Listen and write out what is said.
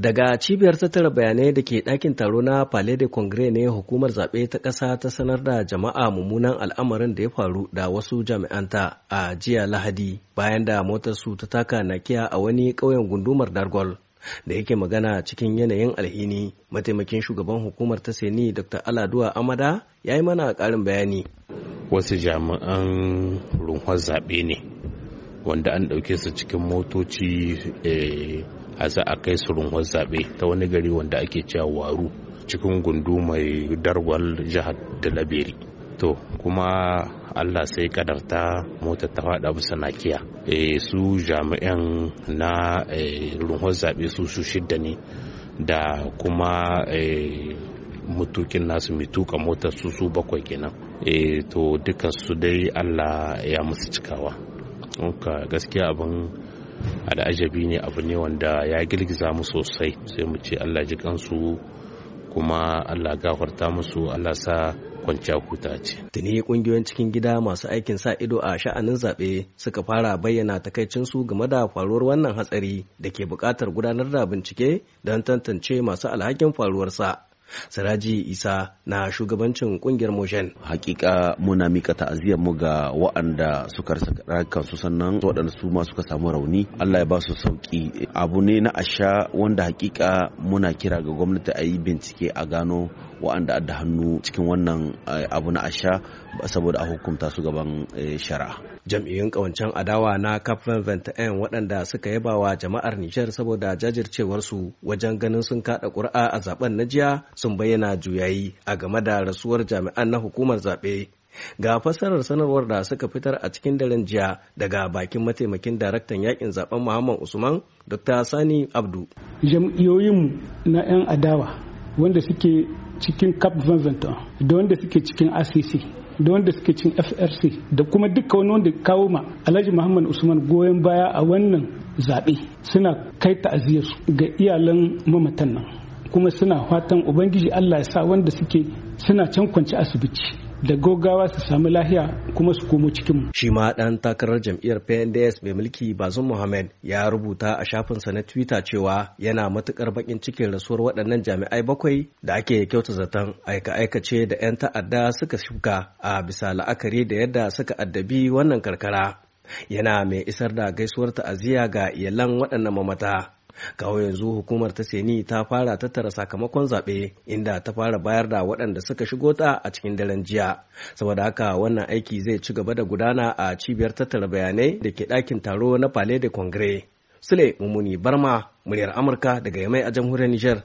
Daga cibiyar tattara bayanai da ke ɗakin taro na Palais de Congrès ne hukumar zaɓe ta ƙasa ta sanar da jama'a mummunan al'amarin da ya faru da wasu jami'anta a jiya Lahadi bayan da motarsu ta taka nakiya a wani ƙauyen gundumar Dargol. Da yake magana cikin yanayin alhini, mataimakin shugaban hukumar ta Seni Dr. Aladuwa Amada ya yi mana ƙarin bayani. Wasu jami'an runhon zaɓe ne wanda an ɗauke su cikin motoci eh, a za a kai su runhon zaɓe ta wani gari wanda ake cewa waru cikin gundu mai darwal jihar laberi to kuma allah sai kadarta mota ta faɗa bisa nakiya eh, su jami'an na eh, runhon zaɓe su su shidda ne da kuma mutukin nasu mai tuka motar su su bakwai kenan To to dukansu dai allah ya musu cikawa ɗauka gaskiya abin al'ajabi ne abu ne wanda ya girgiza mu sosai sai mu ce allah ji kansu kuma allah gafarta musu allah sa kwanciya kuta ce. Tuni kungiyoyin cikin gida masu aikin sa ido a sha'anin zaɓe suka fara bayyana takaicinsu game da faruwar wannan hatsari da ke buƙatar gudanar da bincike don tantance masu alhakin faruwarsa. Siraji Isa na shugabancin kungiyar Motion. Hakika muna mika ta'aziyar mu ga waɗanda suka rasa su sannan waɗanda su ma suka samu rauni. Allah ya ba su sauki. Abu ne na asha wanda hakika muna kira ga gwamnati a yi bincike a gano waɗanda da hannu cikin wannan eh, abu na asha saboda a hukunta su gaban eh, shari'a. Jam'iyyun kawancen adawa na kafin 21 waɗanda suka yaba wa jama'ar Nijar saboda jajircewarsu wajen ganin sun kaɗa ƙuri'a a zaben na jiya sun bayyana juyayi a game da rasuwar jami'an na hukumar zaɓe ga fassarar sanarwar da suka fitar a cikin daren jiya daga bakin mataimakin daraktan yakin zaben muhammad usman dr sani abdu Jam'iyoyin na 'yan adawa wanda suke cikin cap 2021 da wanda suke cikin acc da wanda suke cikin frc da kuma duka wani wanda kawo ma alhaji muhammad usman goyon baya a wannan zaɓe suna kai ta'aziyarsu ga iyalan mamatan nan kuma suna fatan ubangiji Allah ya sa wanda suke suna can kwanci asibiti da gogawa su sami lahiya kuma su komo cikin mu shi ma dan takarar jam'iyyar PNDS mai mulki Bazum Mohammed ya rubuta a shafinsa na Twitter cewa yana matukar bakin cikin rasuwar waɗannan jami'ai bakwai da ake kyauta zaton aika aikace da 'yan ta'adda suka shuka a bisa la'akari da yadda suka addabi wannan karkara yana mai isar da gaisuwar ta'aziyya ga iyalan waɗannan mamata kawo yanzu hukumar ta seni ta fara tattara sakamakon zaɓe inda ta fara bayar da waɗanda suka shigo ta a cikin daren jiya saboda haka wannan aiki zai ci gaba da gudana a cibiyar tattara bayanai da ke ɗakin taro na palais de congrès sule mummuni barma muryar amurka daga yamai a jamhuriyar niger